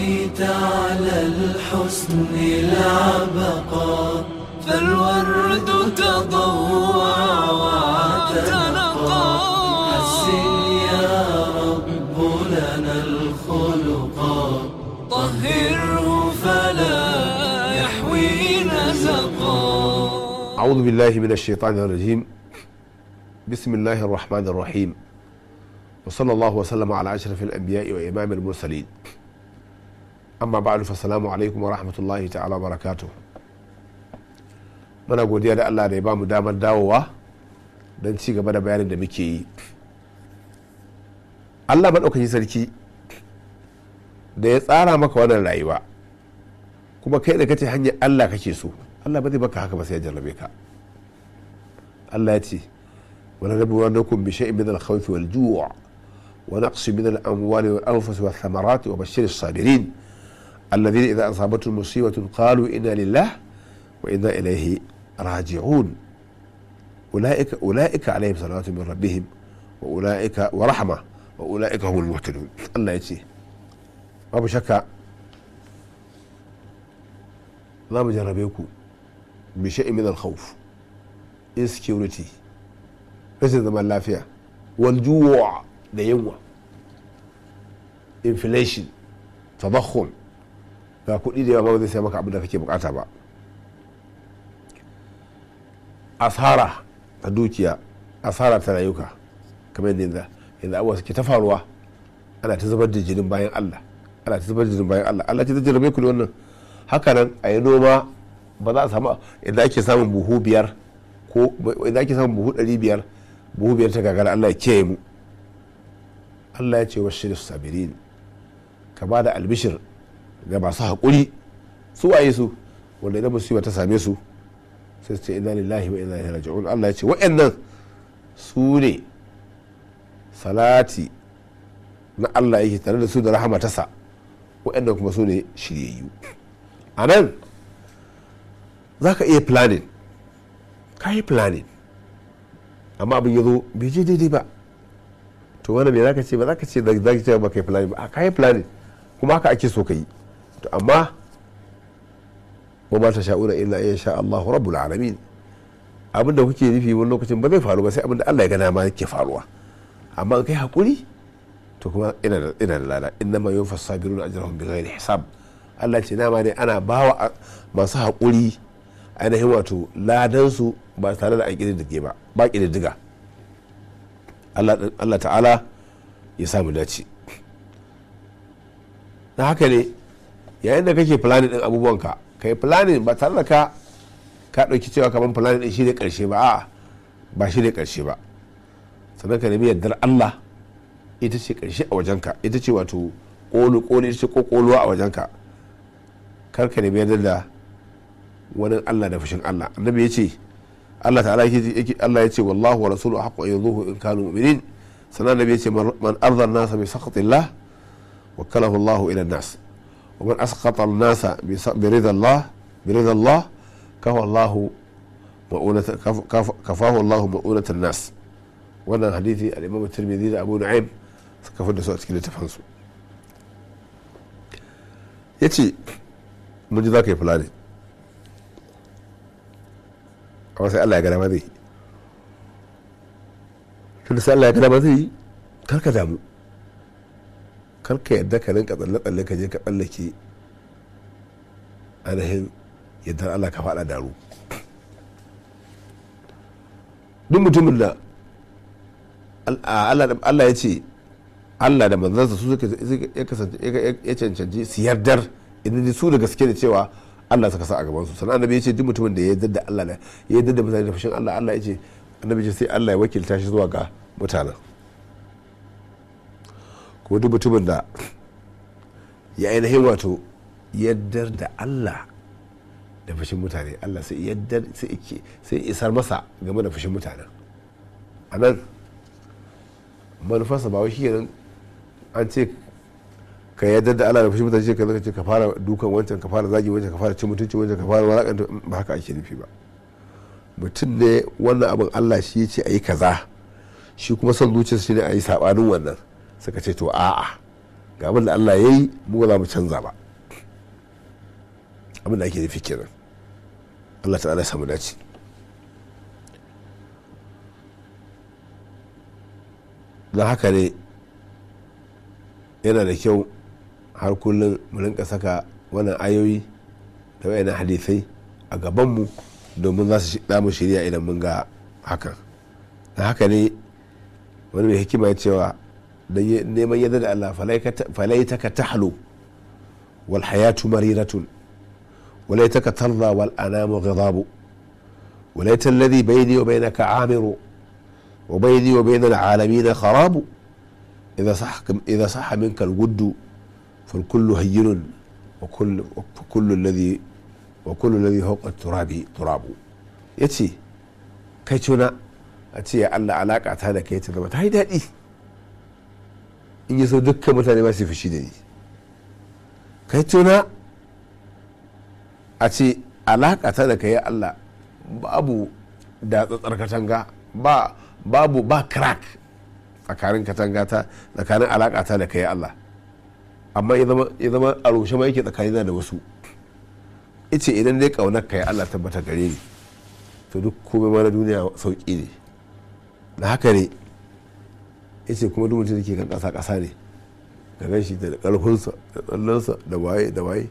بقيت على الحسن العبقى فالورد تضوى وتنقى حسن يا رب لنا الخلقا طهره فلا يحوي نزقا أعوذ بالله من الشيطان الرجيم بسم الله الرحمن الرحيم وصلى الله وسلم على أشرف الأنبياء وإمام المرسلين amma ba ba'du salamu alaikum wa rahmatullahi ta'ala wa barakatu mana godiya da allah da ya bamu damar dawowa don ci gaba da bayanin da muke yi allah maɗaukaki sarki da ya tsara maka wannan rayuwa kuma kai da kace hanyar allah kake so allah ba zai baka haka ba sai ya jarrabe ka allah ya ce wani rabu wani kun bi sha'in min al-khawfi wal ju'a wa naqsi min al-amwali wal anfus wa thamarati wa bashir as-sabirin الذين إذا أصابتهم مصيبة قالوا إنا لله وإنا إليه راجعون أولئك أولئك عليهم صلوات من ربهم وأولئك ورحمة وأولئك هم المهتدون الله يجزي ما بشكا لا mu بشيء من الخوف min al-khawf insecurity rashin zaman lafiya wal da inflation تضخم ga kuɗi da yawa ba zai sai maka abin da kake bukata ba asara ta dukiya asara ta rayuka kamar yadda yanzu abuwa suke ta faruwa ana ta zubar da jinin bayan allah ana ta zubar da jinin bayan allah allah ce ta jarabe ku da wannan haka nan a yi noma ba za a samu idan ake samun buhu biyar ko idan ake samun buhu ɗari biyar buhu biyar ta gagara allah ya kiyaye mu allah ya ce wa shirin sabirin ka ba da albishir ga masu haƙuri su waye su wanda idan musiba ta same su sai su ce inna lillahi wa inna ilaihi raji'un Allah ya ce wa'annan su ne salati na Allah yake tare da su da rahama tasa wa'annan kuma su ne shiryayyu a nan za ka iya planning ka yi planning amma abin ya zo bai je daidai ba to wani me za ka ce ba za ka ce da za ka ce ba ka yi planning ba a ka yi planning kuma haka ake so ka yi to amma wa ta sha'una illa ya sha Allahu rabbul alamin abin da kuke nufi wani lokacin ba zai faru ba sai abin da Allah ya gana ma yake faruwa amma kai hakuri to kuma ina da ina da lada inna ma ajiyar sabiruna ajrahum bighairi hisab Allah ce nama ne ana bawa masu hakuri ainihin wato ladan su ba tare da da ke ba ba diga Allah ta'ala ya samu dace na haka ne yayin da kake planning din abubuwanka ka yi planning ba tare da ka ka ɗauki cewa kamar planning din shi ne ƙarshe ba a'a ba shi ne ƙarshe ba sannan ka nemi yardar Allah ita ce ƙarshe a wajenka ita ce wato ƙolu ƙolu ita ce ko ƙoluwa a wajenka kar ka nemi yardar da wani Allah da fushin Allah annabi ya ce Allah ta'ala yake Allah ya ce wallahu wa rasuluhu haqqu ayyuhu in kanu mu'minin sannan annabi ya ce man arda an-nasa bi sakhatillah wakkalahu Allah ila an-nas ومن أسقط الناس برضا الله برضا الله كفى الله مؤونة كفاه الله مؤونة الناس وانا حديثي الإمام الترمذي أبو نعيم كفى الناس أتكلم تفهمسوا يتي mun ji za ka yi fulani amma sai allah ya gada ma zai yi tun sai allah ya gada ma zai yi karka damu kar ka yadda ka rinka tsalle-tsalle ka je ka tsallake ainihin yadda allah ka faɗa daru duk mutumin da allah ya ce allah da manzansa su ya cancanci su yardar idan su da gaske da cewa allah suka sa a su sannan annabi ya ce duk mutumin da ya yadda da allah ya yadda da mutane da fushin allah allah ya ce annabi ce sai allah ya wakilta shi zuwa ga mutanen ko duk mutumin da ya ainihin wato yaddar da allah da fushin mutane allah sai yaddar sai isar masa game da fushin mutanen a nan manufarsa ba wai shi an ce ka yadda da Allah da fushin mutane ka zaka ce ka fara dukan wancan ka fara zagi wancan ka fara cin mutunci wancan ka fara walakanta ba haka ake nufi ba mutum ne wannan abin Allah shi ya ce a yi kaza shi kuma son zuciyarsa shi ne a yi sabanin wannan suka ce to a'a ga abin da Allah ya yi mu za mu canza ba abin da ake nufi kenan Allah ta'ala samu dace don haka ne yana da kyau har kullum mu rinka saka wannan ayoyi da wayannan hadisai a gabanmu domin za su damu shirya idan mun ga hakan don haka ne wani mai hikima ya cewa da neman yadda da Allah falaitaka tahlu wal hayatu mariratun walaitaka tarda وليت الذي بيني وبينك عامر وبيني وبين العالمين خراب إذا صح إذا صح منك الود فالكل هين وكل وكل الذي وكل الذي فوق التراب تراب يتي كيتنا أتي على علاقة هذا كيتنا هاي دادي in yi so dukkan mutane ba su fushi da ni kai tuna a ce alakata da kai Allah babu da tsatsar katanga babu ba crack tsakanin katanga ta tsakanin alakata da kai Allah amma ya zama a rushe ma yake tsakanina da wasu ice idan dai kaunar kai Allah tabbata gare ni to duk komai mana duniya sauki ne da haka ne ya ce kuma duk da ke kan ƙasa ƙasa ne da gan shi da ƙarfinsa da tsallonsa da waye da waye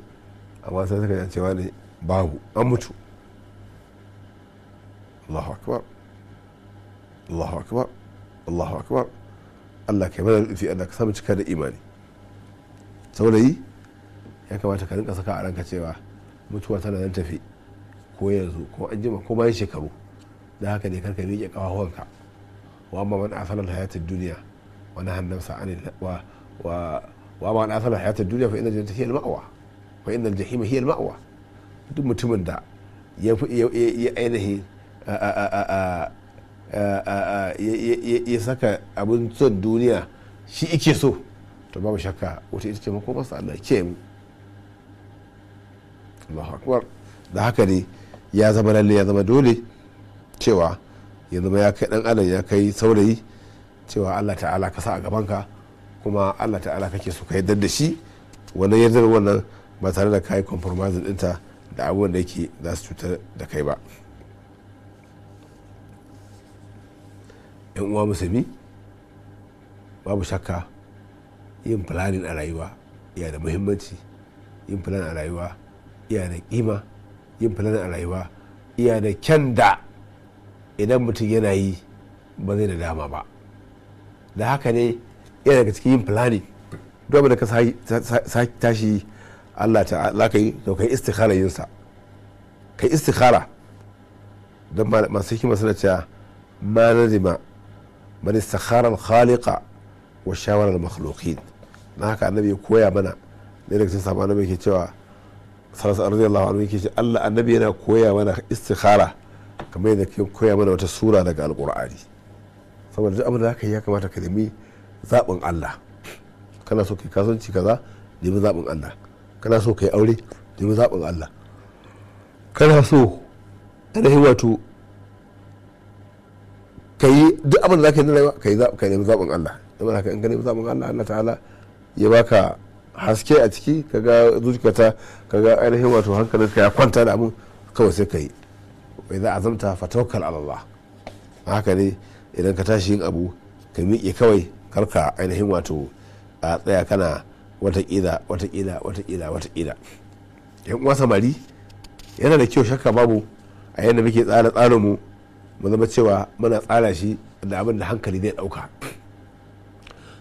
amma sai suka cewa ne babu an mutu allahu akbar allahu akbar allahu akbar allah kai mana rufi allah ka samu cika da imani saurayi ya kamata ka rinka saka a ranka cewa mutuwa tana nan tafi ko yanzu ko an jima ko bayan shekaru da haka ne karka miƙe ƙafafuwanka wa amma man asalar hayatid duniya ونهى النفس عن و و واما ان اثر الحياه الدنيا فان الجنه هي المأوى فان الجحيم هي المأوى duk mutumin da ya ainihi ya saka abin son duniya shi ike so to babu shakka wata ita ce makomarsa Allah ke mu Allahu akbar da haka ne ya zama lalle ya zama dole cewa ya zama ya kai dan adam ya kai saurayi cewa allah ta'ala ka sa a gabanka kuma allah ta'ala kake so ka yardar da shi wannan yardar wannan ba tare da kayi compromise dinta da abubuwan da yake za su cutar da kai ba yan uwa musulmi babu shakka yin planning a rayuwa yana da muhimmanci yin planning a rayuwa yana da kima yin planning a rayuwa yana da kyan da idan mutum yana yi ba zai da dama ba da haka ne yana daga cikin yin fulani duk da ka tashi Allah ta kai to kai istikhara yin sa kai istikhara don masu hikima suna cewa ma nazima man istikhara al-khaliqa wa shawara al-makhluqin na haka annabi ya koya mana ne daga cikin sabon annabi yake cewa sarasa radiyallahu anhu yake cewa Allah annabi yana koya mana istikhara kamar yadda ke koya mana wata sura daga alqur'ani saboda duk abin da zaka yi ya kamata ka nemi zaɓin Allah kana so kai kasance kaza nemi zaɓin Allah kana so kai aure nemi zaɓin Allah kana so ainihin wato kai duk abin da zaka yi na rayuwa ka yi ka nemi zaɓin Allah saboda haka in ka nemi zaɓin Allah Allah ta'ala ya baka haske a ciki kaga zuciyarka kaga ainihin wato hankalinka ya kwanta da abin kawai sai ka yi wai za a zamta fatawakkal Allah haka ne idan ka tashi yin abu ka miƙe kawai karka ainihin wato a tsaya kana wata wata wata ƙila wata ƙila yan uwa samari yana da kyau shakka babu a yadda muke tsara tsarin mu mu zama cewa muna tsara shi da abin da hankali zai ɗauka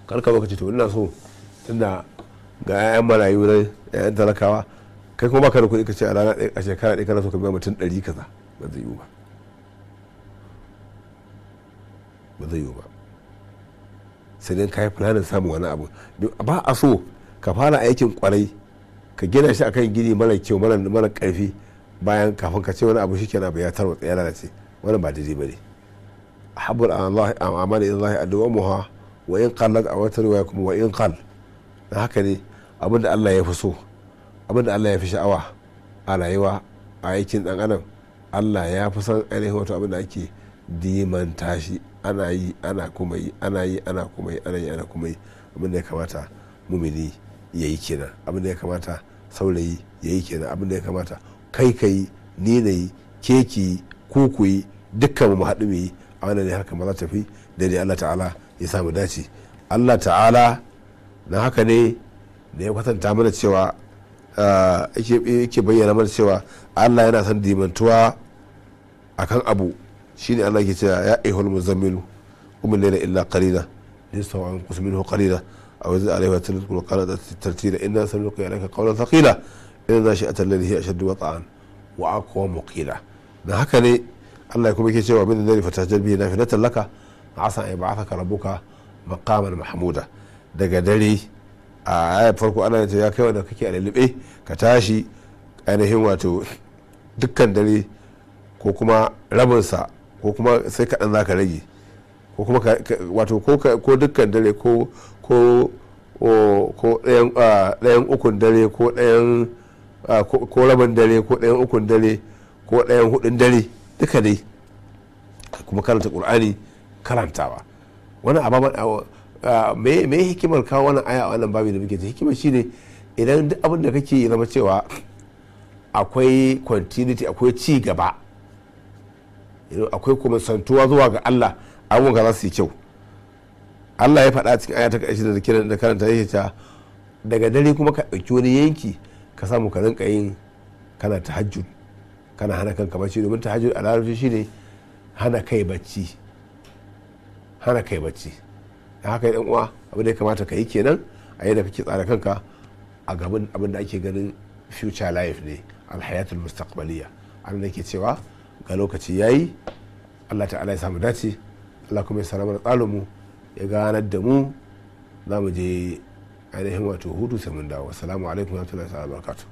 karka lokaci ce to ina so tunda ga 'ya'yan marayu na 'ya'yan talakawa kai kuma baka da kuɗi ka ce a rana a shekara ɗaya kana so ka biya mutum ɗari kaza ba zai yiwu ba ba zai yiwu ba sai dai ka yi planin samun wani abu ba a so ka fara aikin kwarai ka gina shi akan gini mara kyau mara karfi bayan kafin ka ce wani abu shikenan na ya tarwatsa ya lalace wannan ba daidai bane habbul Allah amana illahi adwamuha wa in qallat a wata riwaya kuma wa in qal dan haka ne abin da Allah ya fi so abin da Allah ya fi sha'awa a rayuwa a aikin dan adam Allah ya fi son ainihin wato abin da ake dimanta shi ana yi ana kuma yi ana yi ana kuma yi ana yi ana kuma yi abin da ya kamata mumini ya yi kenan abin da ya kamata saurayi ya yi kenan abin da ya kamata kai ka yi ni na yi keki kuku yi dukkan mu haɗu mai yi a wannan ne haka maza tafi daidai Allah ta'ala ya samu dace Allah ta'ala na haka ne da ya kwatanta mana cewa ah, yake bayyana mana cewa Allah yana son dimantuwa akan abu shine Allah ke cewa ya ayyuhal muzammilu kuma al-layla illa qalila nisfahu aw inqus minhu qalila aw zid alayhi wa tartil wa qala tartila inna sanulqi alayka qawlan thaqila inna nashi'ata al-layli ashaddu wata'an wa aqwamu qila da haka ne Allah kuma ke cewa min al-layli fatajal bihi nafilatan laka asa an yab'athaka rabbuka maqaman mahmuda daga dare a ayar farko ana ta ya kai wanda kake a lalube ka tashi ainihin wato dukkan dare ko kuma rabinsa ko kuma sai kaɗan za ka rage ko kuma wato ko dukkan dare ko ko ɗayan ukun dare ko ɗayan ko rabin dare ko ɗayan ukun dare ko ɗayan hudun dare duka dai kuma karanta ƙur'ani karantawa wani abu me hikimar kawo wannan aya a wannan babi da muke ta hikimar shine idan duk abin da kake zama cewa akwai continuity akwai ci gaba akwai kuma santuwa zuwa ga Allah abubuwan ka za su yi kyau Allah ya faɗa cikin aya ta ƙarshe da da karanta yake ta daga dare kuma ka ɗauki wani yanki ka samu ka rinka yin kana tahajjud kana hana kanka bacci domin tahajjud a larabci shine hana kai bacci hana kai bacci da haka yan uwa abin da ya kamata ka yi kenan a yadda kake tsara kanka a gaban abin da ake ganin future life ne alhayatul mustaqbaliya an da ke cewa ga lokaci yayi allah ta'ala ya samu dace allah kuma ya sa mana tsarin ya ganar da mu za mu je ainihin wato hutu sai mun dawo assalamu alaikum wa rahmatullahi wa barakatuh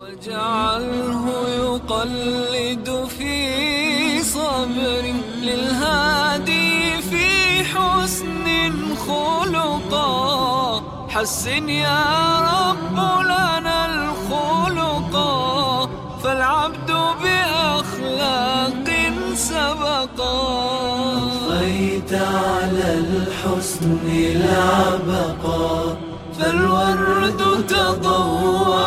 واجعله يقلد في صبر للهادي حسن يا رب لنا الخلقا فالعبد بقيت على الحسن العبقى فالورد تضوى